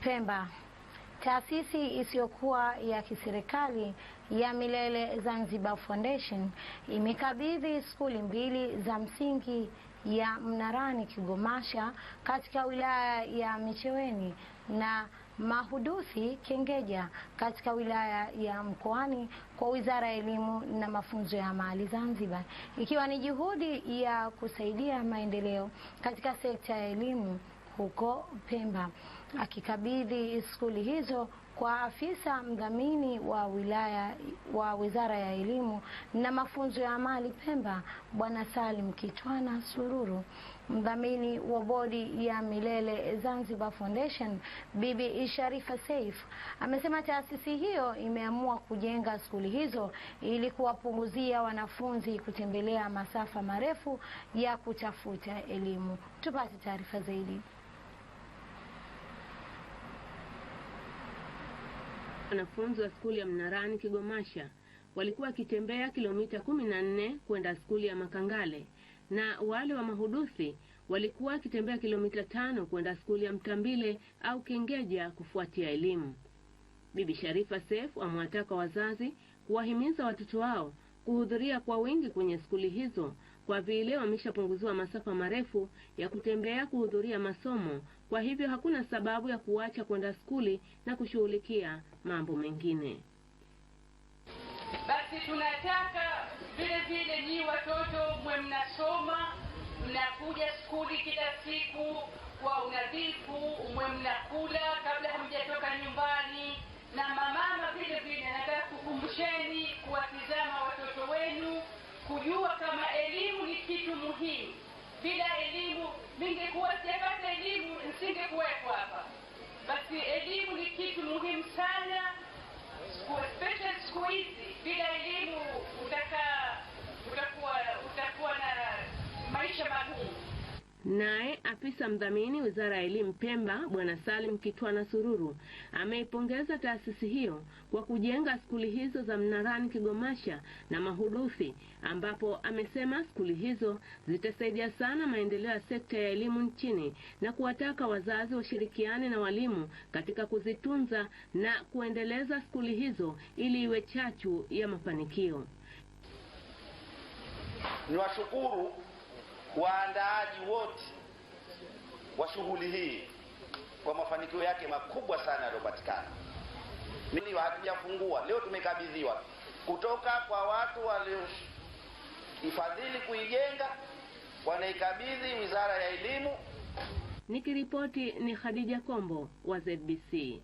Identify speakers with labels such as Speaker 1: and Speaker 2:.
Speaker 1: Pemba. Taasisi isiyokuwa ya kiserikali ya Milele Zanzibar Foundation imekabidhi skuli mbili za msingi ya Mnarani Kigomasha katika wilaya ya Micheweni na Mahuduthi Kengeja katika wilaya ya Mkoani kwa Wizara ya Elimu na Mafunzo ya Amali Zanzibar, ikiwa ni juhudi ya kusaidia maendeleo katika sekta ya elimu huko Pemba, akikabidhi skuli hizo kwa afisa mdhamini wa wilaya wa Wizara ya Elimu na Mafunzo ya Amali Pemba, Bwana Salim Kitwana Sururu, mdhamini wa Bodi ya Milele Zanzibar Foundation, Bibi Sharifa Saif, amesema taasisi hiyo imeamua kujenga skuli hizo ili kuwapunguzia wanafunzi kutembelea masafa marefu ya kutafuta elimu. Tupate taarifa zaidi.
Speaker 2: Wanafunzi wa skuli ya Mnarani Kigomasha walikuwa wakitembea kilomita kumi na nne kwenda skuli ya Makangale na wale wa Mahuduthi walikuwa wakitembea kilomita tano kwenda skuli ya Mtambile au Kengeja kufuatia elimu. Bibi Sharifa Seif amewataka wazazi kuwahimiza watoto wao kuhudhuria kwa wingi kwenye skuli hizo kwa vile wameshapunguziwa masafa marefu ya kutembea kuhudhuria masomo. Kwa hivyo hakuna sababu ya kuacha kwenda skuli na kushughulikia mambo mengine.
Speaker 3: Basi tunataka vile vile nyi watoto mwe mnasoma, mnakuja skuli kila siku kwa unadhifu, mwe mnakula kabla hamjatoka nyumbani, na mamama vile vile nataka kukumbusheni kuwatiza kujua kama elimu ni kitu muhimu. Bila elimu ningekuwa sijapata elimu nisingekuwepo hapa. Basi elimu ni kitu muhimu sana, especially siku hizi. Bila elimu
Speaker 2: Naye afisa mdhamini wizara ya elimu Pemba, Bwana Salim Kitwana Sururu ameipongeza taasisi hiyo kwa kujenga skuli hizo za Mnarani, Kigomasha na Mahuduthi, ambapo amesema skuli hizo zitasaidia sana maendeleo ya sekta ya elimu nchini na kuwataka wazazi washirikiane na walimu katika kuzitunza na kuendeleza skuli hizo ili iwe chachu ya mafanikio.
Speaker 4: Niwashukuru waandaaji wote wa shughuli hii kwa mafanikio yake makubwa sana yaliyopatikana. Hatujafungua leo, tumekabidhiwa kutoka kwa watu walioifadhili kuijenga, wanaikabidhi Wizara ya Elimu.
Speaker 2: Nikiripoti ni Khadija Kombo wa ZBC.